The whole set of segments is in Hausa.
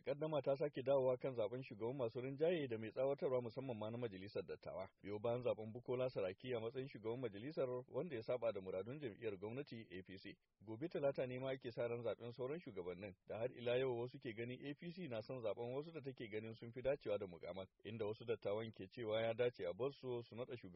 takaddama ta sake dawowa kan zaben shugaban masu rinjaye da mai tsawatarwa musamman ma na majalisar dattawa biyo bayan zaben bukola saraki a matsayin shugaban majalisar wanda ya saba da muradun jam'iyyar gwamnati apc gobe talata ne ma ake sa ran zaben sauran shugabannin da har ila yau wasu ke ganin apc na son zaben wasu da take ganin sun fi dacewa da mukamar inda wasu dattawan ke cewa ya dace a bar su su nada su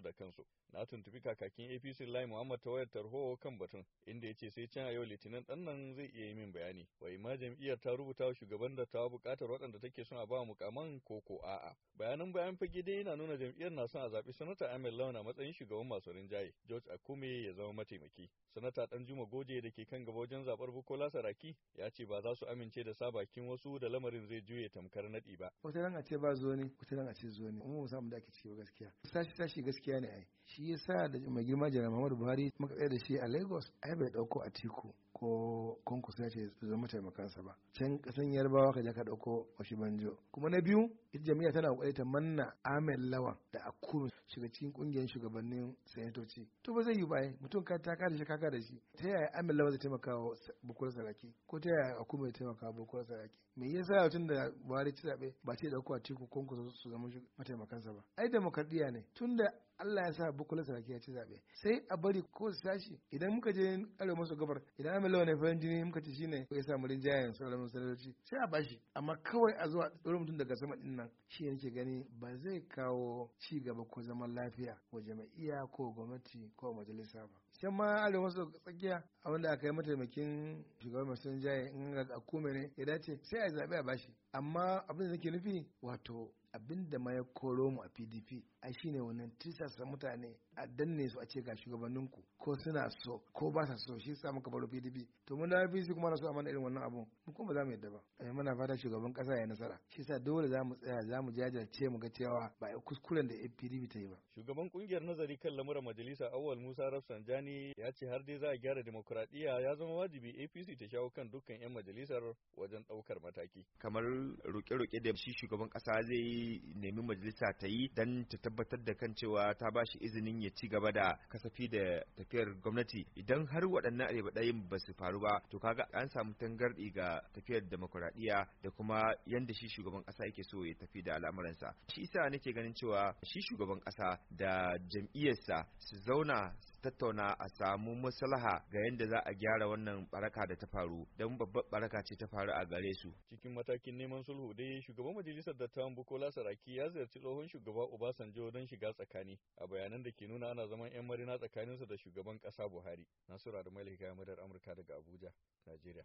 da kansu na tuntubi kakakin apc lai muhammad ta wayar tarho kan batun inda ya ce sai can a yau litinin ɗan nan zai iya yi min bayani wai ma jam'iyyar ta rubuta wa shugaban da ta buƙatar waɗanda take suna ba mukaman ko ko a'a. Bayanan bayan fage dai yana nuna jam'iyyar na son a zaɓi sanata Ahmed Lawan a matsayin shugaban masu rinjaye, George Akume ya zama mataimaki. Sanata Danjuma Goje da ke kan gaba wajen zaɓar Bukola Saraki ya ce ba za su amince da sabakin wasu da lamarin zai juye tamkar naɗi ba. Wata ran a ce ba zo ne, wata ran a ce zo ne, mu samu da ake cewa gaskiya. Sashi sashi gaskiya ne ai. Shi yasa da mai girma jana Muhammadu Buhari muka da shi a Lagos ai bai ɗauko tiku ko Kwankwaso ya ce zama taimakansa ba. Can ƙasan Yarba bawa ka je ka ɗauko banjo Kuma na biyu ita jami'a tana ƙoƙari ta manna amen Lawan da Akum shiga cikin ƙungiyar shugabannin sanatoci. To ba zai yi ba mutum ka ta kare shi ka kare shi. Ta yaya amen Lawan zai taimaka wa Bukola Saraki ko ta yaya kuma zai taimaka wa Bukola Saraki. Me yasa tun da Buhari ci zaɓe ba ce ɗauko a tiku ko su zama mataimakansa ba. Ai demokradiyya ne tun da Allah ya sa Bukola Saraki ya ci zaɓe. Sai a bari ko su tashi idan muka je arewa maso gabar idan amin Lawan ya farin jini muka ci shine ya samu rinjayen sauran masarauci. Sai sai a bashi amma kawai a zuwa tsoron mutum daga sama din nan shi yake gani ba zai kawo ci gaba ko zaman lafiya wa jama'iya ko gwamnati ko majalisa ba sai ma arewa maso tsakiya abinda aka yi mataimakin shugaban masu jaye in ga ne ya dace sai a zaɓe a bashi amma abin da nake nufi wato abinda da ma ya koro mu a pdp ai shine wannan tisasa mutane a danne su a ce ga shugabanninku ko suna so ko ba sa so shi sa muka baro pdp to mun da pdp kuma na so a mana irin wannan abun mu kuma za mu yadda ba ai eh, mana fata shugaban kasa ya nasara shi sa dole za mu tsaya za mu jajirce mu ga cewa ba a kuskuren da pdp ta yi ba shugaban kungiyar nazari kan lamuran majalisa awwal musa rafsanjani ya ce har dai za a gyara demokradiyya ya zama wajibi apc ta shawo kan dukkan yan majalisar wajen ɗaukar mataki kamar ruke-ruke da shi shugaban kasa zai yi zai nemi majalisa ta yi don ta tabbatar da kan cewa ta ba shi izinin ya ci gaba da kasafi da tafiyar gwamnati idan har waɗannan arewaɗayin ba su faru ba to kaga an samu tangarɗi ga tafiyar demokuraɗiyya da kuma yanda shi shugaban ƙasa yake so ya tafi da al'amuransa shi isa nake ganin cewa shi shugaban ƙasa da jam'iyyarsa su zauna tattauna a samu maslaha ga yadda za a gyara wannan baraka da ta faru don babbar baraka ce ta faru a gare su cikin matakin neman sulhu dai shugaban majalisar dattawan bukola saraki ya ziyarci tsohon shugaba obasanjo don shiga tsakani a bayanan da ke nuna ana zaman yan marina tsakaninsa da shugaban kasa buhari nasura da malika madar amurka daga abuja najeriya